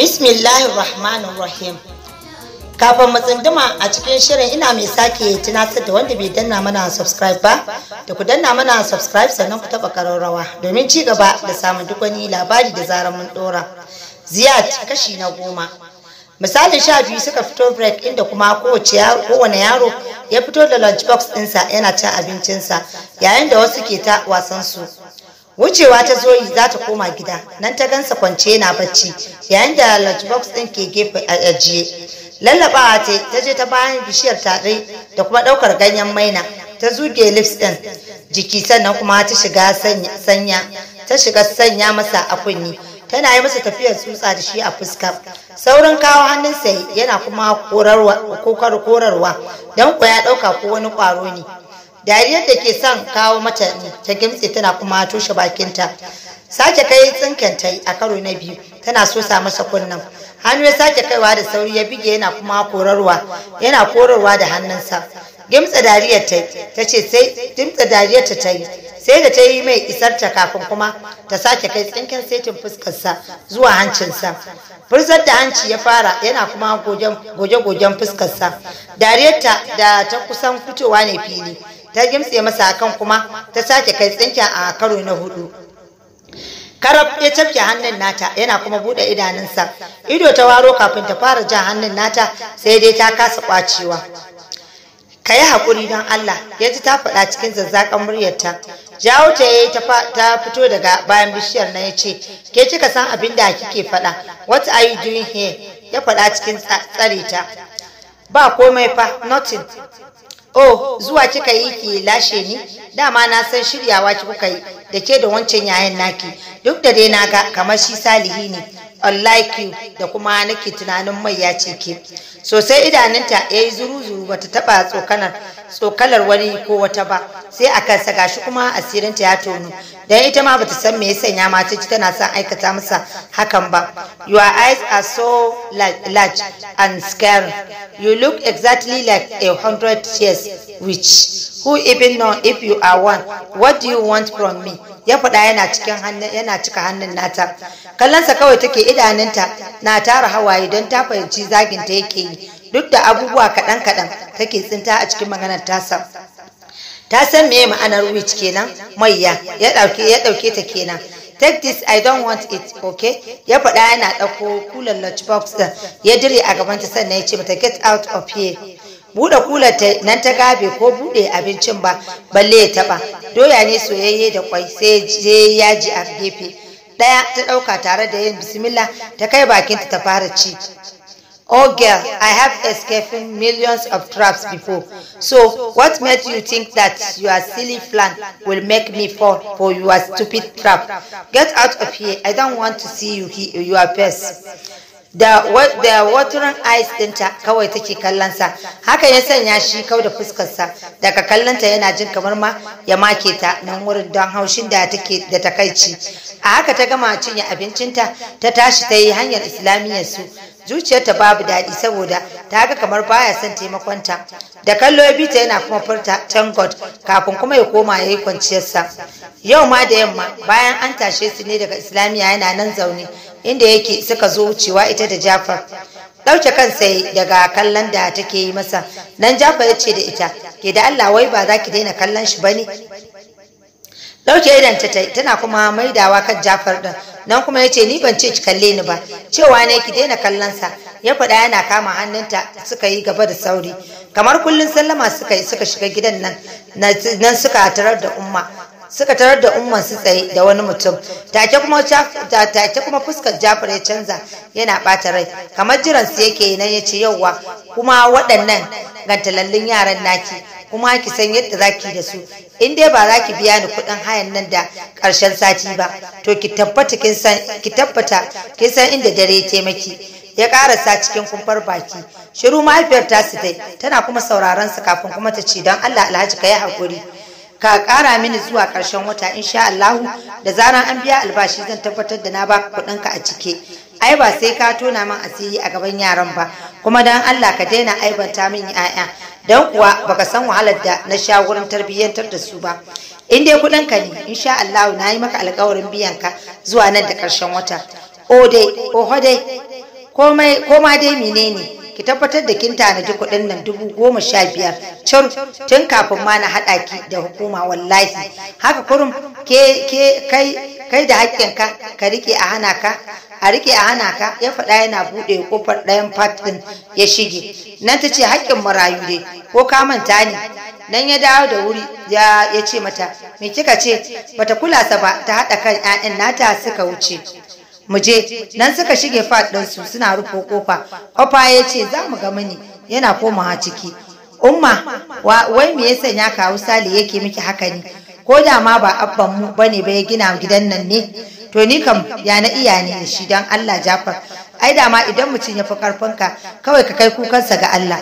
bismillahir rahmanir rahim kafin mu tsinduma a cikin shirin ina mai sake tunatar da wanda bai danna mana subscribe ba da ku danna mana subscribe sannan ku taba kararrawa domin ci gaba da samun duk wani labari da zarar mun dora ziyad kashi na goma misali sha biyu suka fito break inda kuma kowane yaro ya fito da lunch box ɗinsa yana cin abincinsa yayin da wasu ke ta wasan su wucewa ta zo yi za ta koma gida nan ta gansa kwance yana bacci yayin da lunch box ɗin ke gefe a ajiye lallaba ta ta je ta bayan bishiyar tare da kuma ɗaukar ganyen maina ta zuge lips ɗin jiki sannan kuma ta shiga sanya ta shiga sanya masa a kunni tana yi masa tafiyar tsutsa da shi a fuska saurin kawo hannunsa yana kuma korarwa don kuwa ya ɗauka ko wani kwaro ne dariyar da ke son kawo mata ta gimtse tana kuma toshe bakinta sake kai tsinken a karo na biyu tana so sa masa kunnan hannu ya sake kaiwa da sauri ya bige yana kuma korarwa yana korarwa da hannunsa gimtsa dariyar ta ta ce sai gimtsa dariyar ta ta yi sai da ta yi mai isar ta kafin kuma ta sake kai tsinken setin fuskarsa zuwa hancinsa furzar da hanci ya fara yana kuma goge-gogen fuskarsa dariyar ta da ta kusan fitowa ne fili ta gimtse masa kan kuma ta sake kai tsinken a karo na hudu karab ya cafke hannun nata yana kuma bude idanunsa ido ta waro kafin ta fara jan hannun nata sai dai ta kasa kwacewa ka yi haƙuri don Allah ya ji ta faɗa cikin zazzaƙan muryarta jawo ta yayi ta fito daga bayan bishiyar na ya ce ke kika san abin da kike faɗa what are you doing here ya faɗa cikin tsare ta ba komai fa nothing Oh, oh zuwa kika yi ki lashe ni? Dama na san shiryawa ki kuka yi da ke da wancan yayan naki. Duk da dai na ga kamar shi salihi ne, unlike you da kuma nake tunanin mai ya ce ke. Sosai idanunta ya yi zuru-zuru bata taɓa tsokanar so kalar wani ko wata ba sai a kansa gashi kuma asirin ta ya tono dan ita ma bata san me ya sanya ta ci tana son aikata masa hakan ba your eyes are so large and scary you look exactly like a hundred years witch who even know if you are one what do you want from me ya faɗa yana cikin hannun yana cika hannun nata kallansa kawai take idanunta na tara hawaye don ta fahimci zagin ta yake yi duk da abubuwa kaɗan-kaɗan take tsinta a cikin maganar tasa ta san meye ma'anar which kenan maiya ya ɗauke ya ɗauke ta kenan take this i don't want it okay ya faɗa yana ɗauko kulan lunch box ɗin ya dire a gaban ta, sannan ya ce mata get out of here buɗe kular ta nan ta gabe ko buɗe abincin ba balle ya taɓa doya ne soyayye da kwai sai yaji a gefe ɗaya ta ɗauka tare da yin bismillah ta kai bakinta ta fara ci Oh girl, I have escaped millions of traps before. So what made you think that your silly plan will make me fall for your stupid trap? Get out of here. I don't want to see you here, your face. da da waturan eyes dinta kawai take kallon sa haka ya sanya shi kau da fuskar sa daga kallonta yana jin kamar ma ya make ta nan wurin don haushin da take da takaici a haka ta gama cinye abincinta ta tashi ta yi hanyar islamiyyar su zuciyarta babu daɗi saboda ta ga kamar baya son taimakonta da kallo ya bita yana kuma furta tangot, kafin kuma ya koma ya yi kwanciyarsa yau ma da yamma bayan an tashe su ne daga islamiyya yana nan zaune inda yake suka zo wucewa ita da jafar ɗauke kansa daga kallon da take yi masa nan jafar ya ce da ita ke da allah wai ba za ki daina kallon shi ba ne ɗauke idan ta tana kuma maidawa kan jafar ɗin Nan kuma yace ni ban ce ki kalle ni ba cewa ne ki daina kallon sa ya faɗa yana kama hannunta suka yi gaba da sauri kamar kullun sallama suka yi suka shiga gidan nan nan suka tarar da umma suka tarar da umman su tsaye da wani mutum take kuma take kuma fuskar Jafar ya canza yana bata rai kamar jiran su yake nan yace yauwa kuma waɗannan gantalallin yaran naki kuma ki san yadda zaki da su in dai ba za biya ni kuɗin hayan nan da ƙarshen sati ba to ki tabbata kin san ki tabbata kin san inda dare taimaki. Ya ya karasa cikin kumfar baki shiru mahaifiyar su dai tana kuma sauraron su kafin kuma ta ce don Allah Alhaji ka yi hakuri ka ƙara mini zuwa ƙarshen wata insha Allahu da zaran an biya albashi zan tabbatar da na baka kuɗinka a cike ai ba sai ka tona min asiri a gaban yaran ba kuma dan Allah ka daina aibanta min ya'ya dan kuwa baka san wahalar da na sha wurin tarbiyyantar da su ba in dai kuɗin ka ne insha Allah na yi maka alƙawarin biyan ka zuwa nan da ƙarshen wata o dai dai komai koma dai menene ki tabbatar da kin tanadi kuɗin nan dubu goma sha biyar cur tun kafin ma na haɗa ki da hukuma wallahi haka kurum ke ke kai kai da haƙƙinka ka rike a hana ka a rike a hana ka ya faɗa yana buɗe kofar ɗayan fat ɗin ya shige nan ta ce haƙƙin marayu ne ko ka manta ni? nan ya dawo da wuri ya ce mata me kika ce bata kula sa ba ta haɗa kan 'ya'yan nata suka wuce mu je nan suka shige fat su suna rufe kofa ofa ya ce za mu ga mani yana komawa ciki umma wai me ya ya kawu sale yake miki haka ne ko da ma ba abban mu bane ba ya gina gidan nan ne to ni kam ya na iya ne da shi dan Allah Jafar ai da ma idan mutum ya fi karfinka kawai ka kai kukansa ga Allah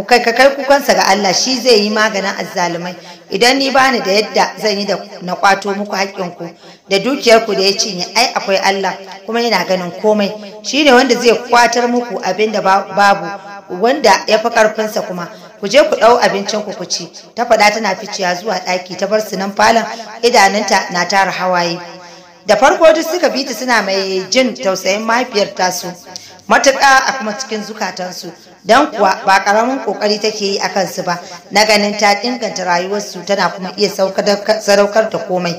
kai ka kai kukansa ga Allah shi zai yi maganin azzalumai idan ni bani da yadda zan yi da na kwato muku haƙƙinku da dukiyarku da ya cinye ai akwai Allah kuma yana ganin komai shi ne wanda zai kwatar muku abinda babu wanda ya fi ƙarfinsa kuma ku je ku ɗau abincin ku ku ci ta faɗa tana ficiya zuwa ɗaki ta bar su nan falon idanunta na tara hawaye da farko duk suka bi ta suna mai jin tausayin mahaifiyar tasu matuƙa a kuma cikin zukatansu don kuwa ba ƙaramin ƙoƙari take yi a kansu ba na ganin ta inganta rayuwarsu tana kuma iya sadaukar da komai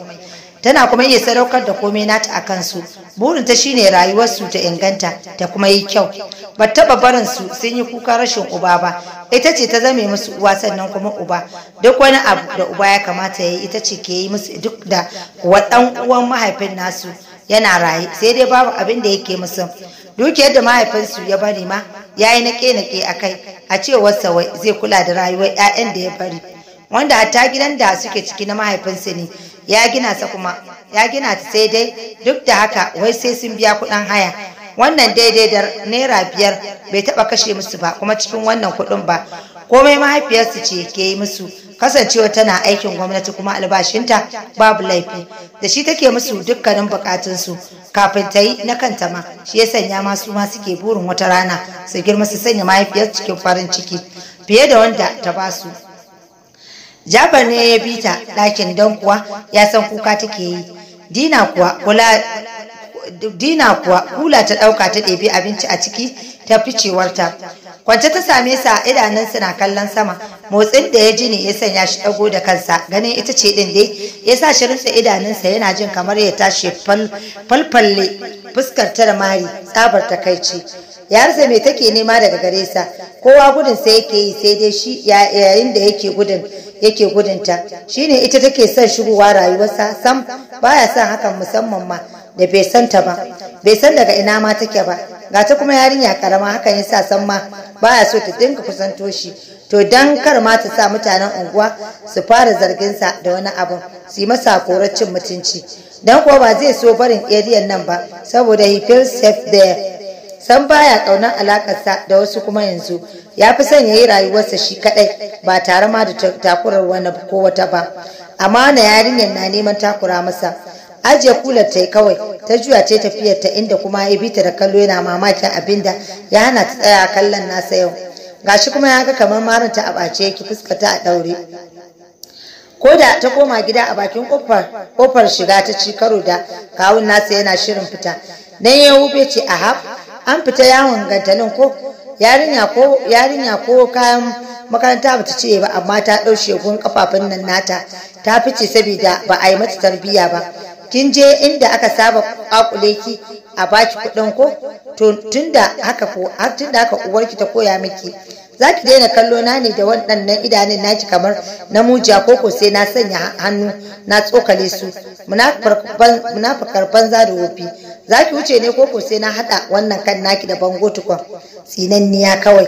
tana kuma iya sadaukar da komai nata a kansu burin ta shine rayuwarsu ta inganta ta kuma yi kyau ba taɓa barin su sun yi kuka rashin uba ba ita ce ta zame musu uwa sannan kuma uba duk wani abu da uba ya kamata ya yi ita ce ke yi musu duk da wa ɗan uwan mahaifin nasu yana raye sai dai babu abin da yake musu dukiyar da mahaifinsu ya bari ma ya yi naƙe-naƙe a kai a cewar wai zai kula da rayuwar 'ya'yan da ya bari wanda hatta gidan da suke ciki na mahaifinsu ne ya gina sa kuma ya gina ta sai dai duk da haka wai sai sun biya kuɗin haya wannan daidai da naira biyar bai taɓa kashe musu ba kuma cikin wannan kuɗin ba komai mahaifiyarsu ce ke yi musu kasancewa tana aikin gwamnati kuma albashinta babu laifi da shi take musu dukkanin bukatunsu kafin ta yi na kanta ma shi ya sanya masu ma suke burin wata rana su girma su sanya mahaifiyar cikin farin ciki fiye da wanda ta ba su jabar ne ya bita ta ɗakin don kuwa ya san kuka take yi dina kuwa kula dina kuwa kula ta ɗauka ta ɗebi abinci a ciki ta ficewarta kwance ta same sa idanunsa na kallon sama motsin da ya ji ne ya sanya shi dago da kansa ganin ita ce din dai ya sa shi rufe idanunsa yana jin kamar ya tashi falfalle fuskar ta da mari tsabar takaici ya mai me take nema daga gare sa kowa gudun sa yake yi sai dai shi yayin da yake gudun yake gudunta shine ita take son shigowa rayuwarsa sam baya son hakan musamman ma da bai san ta ba bai san daga ina ma take ba ga ta kuma yarinya karama hakan sa san ma baya so ta dinga kusanto shi to dan kar ma ta sa mutanen unguwa su fara zargin sa da wani abu su yi masa korar mutunci dan kuwa ba zai so barin area nan ba saboda he feels safe there san baya kaunar sa da wasu kuma yanzu ya fi son ya yi rayuwarsa shi kadai ba tare ma da takurar wani ko wata ba amma na yarinyar na neman takura masa ajiye kular ta yi kawai ta juya ce tafiyar ta inda kuma ya bi ta da kallo yana mamakin abinda ya hana ta tsaya kallon nasa yau gashi kuma ya ga kamar marinta a ɓace yake fuskata a daure. ko da ta koma gida a bakin kofar shiga ta ci karo da kawun nasa yana shirin fita dan ya hube ce a haf an fita yawon gantalin ko yarinya ko kayan makaranta ba ta ce ba amma ta ɗau gun kafafun nan nata ta fice saboda ba a yi mata tarbiyya ba kin je inda aka saba kakule ki a baki kuɗin ko to tunda haka ko har tunda haka uwarki ta koya miki za ki daina kallo na ne da waɗannan idanun naki kamar na mujiya ko ko sai na sanya hannu na tsokale su munafakar banza da wofi za ki wuce ne ko ko sai na haɗa wannan kan naki da bango tukun tsinanniya kawai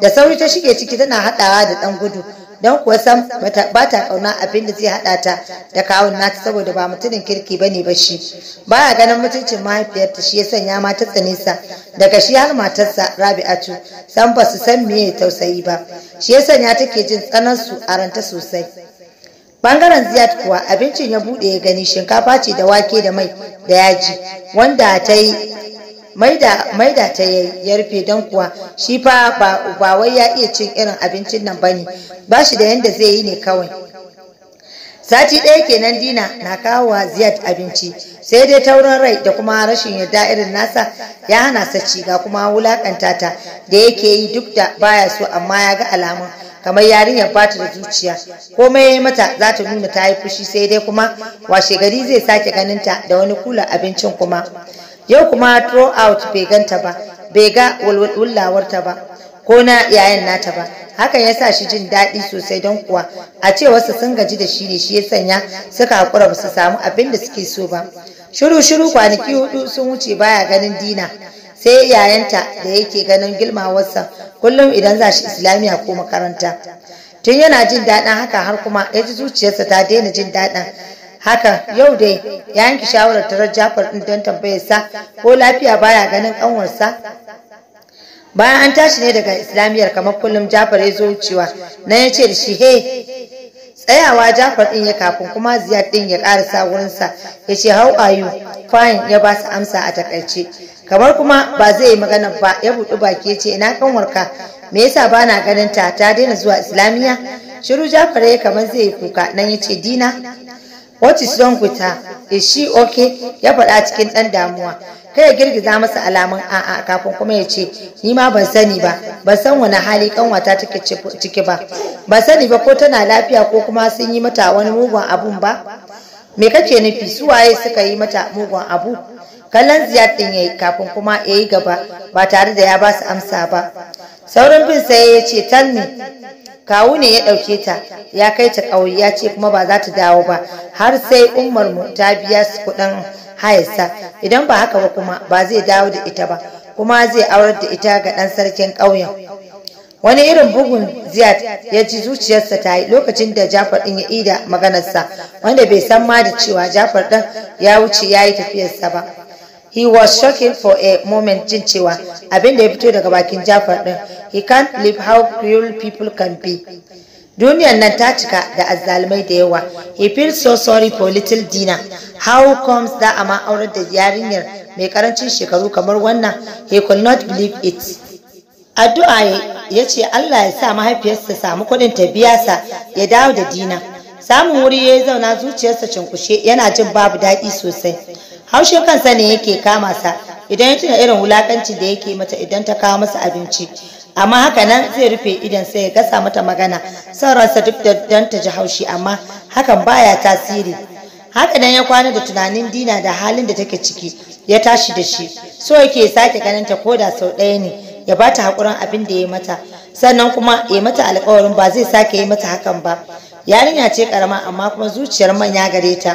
da sauri ta shige ciki tana haɗawa da ɗan gudu don kuwa sam ba ta kauna abin da zai haɗa ta da kawun nata saboda ba mutumin kirki bane ba shi baya ganin mutuncin mahaifiyarta shi ya sanya mata tsanisa daga shi har matarsa rabi'atu san ba su san meye tausayi ba shi ya sanya take jin tsanansu a ranta sosai Bangaren Ziyad kuwa abincin ya bude ya gani shinkafa ce da wake da mai da yaji wanda ta yi maida maida ta yi ya rufe don kuwa shi fa ba wai ya iya cin irin abincin nan bane ba shi da yanda zai yi ne kawai sati ɗaya kenan dina na kawowa ziyad abinci sai dai taurin rai da kuma rashin yarda irin nasa ya hana sa ci ga kuma wulakanta ta da yake yi duk da baya so amma ya ga alamun kamar yarinyar bata da zuciya komai yayi mata za ta nuna ta yi fushi sai dai kuma washe gari zai sake ganin ta da wani kula abincin kuma yau kuma throw out bai ganta ba bai ga wulwulawarta ba ko na yayan nata ba hakan ya sa shi jin daɗi sosai don kuwa a ce wasu sun gaji da shi ne shi ya sanya suka haƙura ba su samu abin da suke so ba shiru shiru kwanaki hudu sun wuce baya ganin dina sai yayanta da yake ganin girmawarsa kullum idan za shi islamiya ko makaranta tun yana jin daɗin haka har kuma ya ji zuciyarsa ta daina jin daɗin haka yau dai ya yanki shawarar tarar jafar ɗin don tambayarsa ko lafiya baya ganin ƙanwarsa bayan an tashi ne daga islamiyar kamar kullum jafar ya zo wucewa na ya ce da shi he tsayawa jafar din ya kafin kuma ziyad din ya karasa wurinsa ya ce how are you fine ya ba su amsa a takaice kamar kuma ba zai yi magana ba ya buɗi baki ya ce ina kanwarka me yasa ba na ganin ta ta daina zuwa islamiyya shiru jafar ya kamar zai yi kuka nan ya ce dina what is wrong with her is she okay ya faɗa cikin ɗan damuwa kai girgiza masa alamun a'a kafin kuma ya ce ni ma ban sani ba ban san wani hali kanwata take ciki ba ban sani ba ko tana lafiya ko kuma sun yi mata wani mugun abun ba me kake nufi su waye suka yi mata mugun abu kallon ziyar din yayi kafin kuma ya yi gaba ba tare da ya ba su amsa ba saurin bin sai ya ce tanni kawu ne ya ɗauke ta ya kai ta ƙauye ya ce kuma ba za ta dawo ba har sai Umar mu ta biya su kuɗin hayarsa idan ba haka ba kuma ba zai dawo da ita ba kuma zai aurar da ita ga ɗan sarkin ƙauyen wani irin bugun ziyad ya ji zuciyarsa ta yi lokacin da jafar ɗin ya ida maganarsa wanda bai san ma da cewa jafar ɗin ya wuce ya yi tafiyarsa ba he was shocking for a moment jin cewa abinda ya fito daga bakin jafar ɗin he can't live how cruel people can be Duniyar nan ta cika da azzalumai da yawa. He feels so sorry for little Dina. How comes da ma aurar da yarinyar mai karancin shekaru kamar wannan? He could not believe it. Addu'a ya ce Allah ya sa mahaifiyarsa samu kuɗin ta biya sa ya dawo da Dina. Samun wuri ya yi zauna zuciyarsa cinkushe yana jin babu daɗi sosai. Haushin kansa ne yake kama sa idan ya tuna irin wulakancin da yake mata idan ta kawo masa abinci. amma haka nan zai rufe idan sai ya gasa mata magana son ransa duk da don ta ji haushi amma hakan baya tasiri haka nan ya kwana da tunanin dina da halin da take ciki ya tashi da shi so yake sake ganin ko da sau ɗaya ne ya bata hakurin abin da ya mata sannan kuma ya mata alkawarin ba zai sake yi mata hakan ba yarinya ce karama amma kuma zuciyar manya gare ta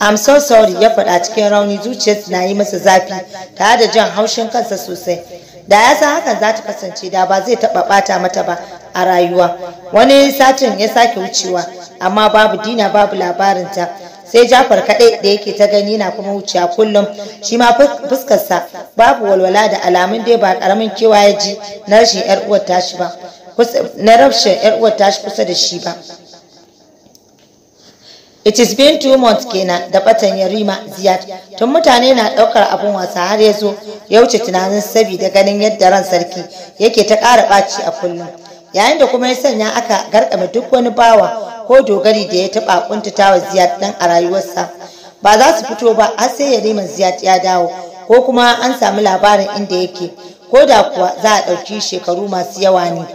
I'm so sorry ya faɗa cikin rauni zuciyar na yi masa zafi tare da jan haushin kansa sosai da ya san hakan za ta kasance da ba zai taɓa ɓata mata ba a rayuwa wani satin ya sake wucewa amma babu dina babu labarinta sai jafar kaɗai da yake ta gani na kuma wucewa kullum shi ma fuskarsa babu walwala da alamun dai ba ƙaramin kewa ya ji na rashin 'yar uwar tashi ba kusa da shi ba It is been two months kenan da batan Yarima Ziyad. Tun mutane na ɗaukar abun wasa har ya zo ya wuce tunanin sabida ganin yadda ran sarki yake ta ƙara ɓaci a kullum. Yayin da kuma ya sanya aka garkame duk wani bawa ko dogari da ya taɓa wa Ziyad dan a rayuwarsa. Ba za su fito ba har sai Yarima Ziyad ya dawo ko kuma an samu labarin inda yake ko da kuwa za a ɗauki shekaru masu yawa ne.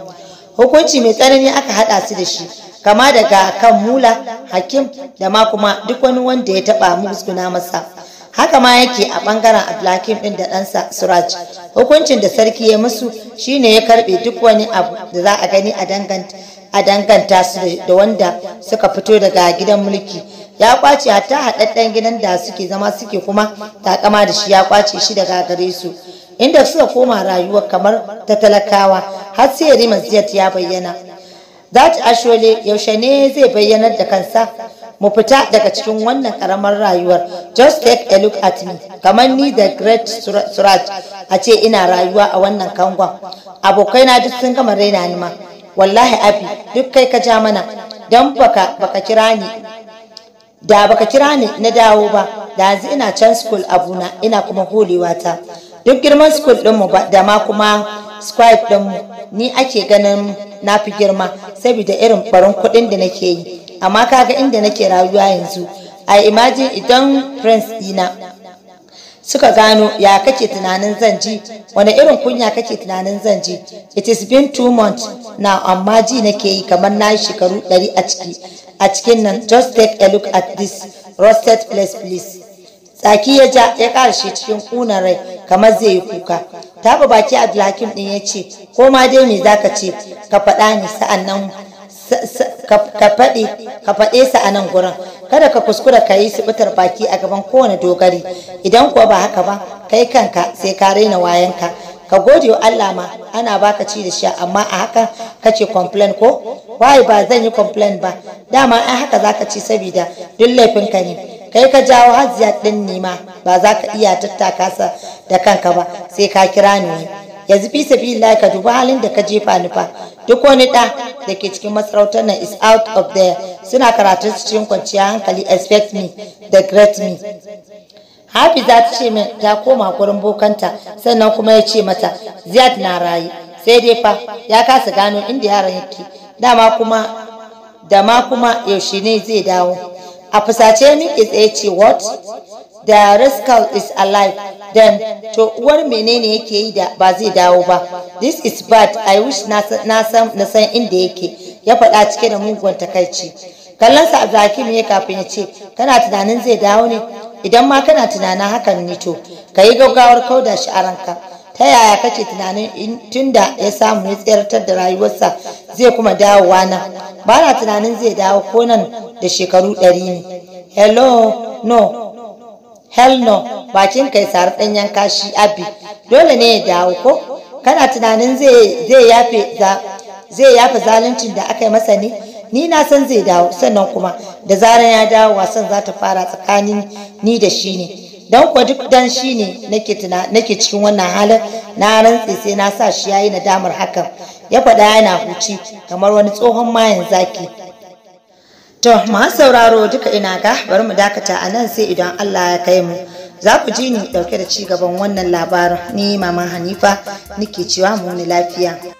Hukunci mai tsanani aka haɗa su da shi kama daga kan mula hakim da ma kuma duk wani wanda ya taɓa musguna masa haka ma yake a ɓangaren abdulhakim ɗin da ɗansa suraj hukuncin da sarki ya musu shine ya karɓe duk wani abu da za a gani a danganta su da wanda suka fito daga gidan mulki ya kwace hatta haɗaɗɗen gidan da suke zama suke kuma takama da shi ya kwace shi daga gare su inda suka koma rayuwa kamar ta talakawa har sai Rimas ya bayyana That Ashwale yaushe ne zai bayyanar da kansa mu fita daga cikin wannan karamar rayuwar just take a look at me kamar ni da great suraj a ce ina rayuwa a wannan kangon abokai na duk sun gama raina ni ma wallahi abi duk kai ka ja mana dan baka kira ni da baka kira ni na dawo ba da yanzu ina can school abuna ina kuma holewa ta duk girman school ba da ma kuma squad dinmu ni ake ganin na fi girma saboda irin barin kuɗin da nake yi amma kaga inda nake rayuwa yanzu a imagine idan friends ina suka gano ya kake tunanin zan ji wani irin kunya kake tunanin zan ji it is been two months na amma ji nake yi kamar na shekaru ɗari a ciki a cikin nan just take a look at this rusted place please tsaki ya ja ya ƙarshe cikin ƙunan rai kamar zai yi kuka taɓa baki abdulhakim ɗin ya ce ko ma dai me zaka ce ka faɗa ni ka faɗe sa anan gurin kada ka kuskura ka yi sibitar baki a gaban kowane dogari idan kuwa ba haka ba kai kanka sai ka raina wayanka ka gode wa Allah ma ana baka ci da sha amma a haka kace complain ko wai ba zan yi complain ba dama ai haka zaka ci saboda duk laifinka ne kai ka jawo hajiya ɗin nima ba za ka iya tattaka sa da kanka ba sai ka kira ni yanzu fi sabilillahi ka duba halin da ka jefa ni fa duk wani ɗa da ke cikin masarautar nan is out of there suna karatun su cikin kwanciyar hankali expect me da great me Hafi za ta ce min ta koma gurin bokanta sannan kuma ya ce mata Ziyad na rayu. sai dai fa ya kasa gano inda yaron yake dama kuma da ma kuma yaushe ne zai dawo a fusace is a ce what The rascal is alive then to uwar menene yake yi da ba zai dawo ba this is bad i wish na san inda yake ya faɗa cike da mugun takaici Kallon kallonsa abdulhakim ya kafin ya ce kana tunanin zai dawo ne idan ma kana tunanin hakan ne to ka gaggawar kauda shi a ranka ta yaya kake tunanin in tunda ya samu ya tsayartar da rayuwarsa zai kuma dawowa wana ba na tunanin zai dawo ko nan da shekaru ɗari ne hello no hell no bakin kai ɗan ɗanyen kashi abi dole ne ya dawo ko kana tunanin zai yafe zai zaluncin da aka yi masa ne ni na san zai dawo sannan kuma da zaran ya dawo wasan za ta fara tsakanin ni da shi ne Dan kuwa duk dan shi ne nake cikin wannan halin na rantse sai na sa shi yayi nadamar hakan ya faɗa yana huci kamar wani tsohon mayan zaki to ma sauraro duka ina ga bari mu dakata a nan sai idan Allah ya kai mu za ku ji ni ɗauke da ci gaban wannan labarin ni maman Hanifa nake cewa mu ne lafiya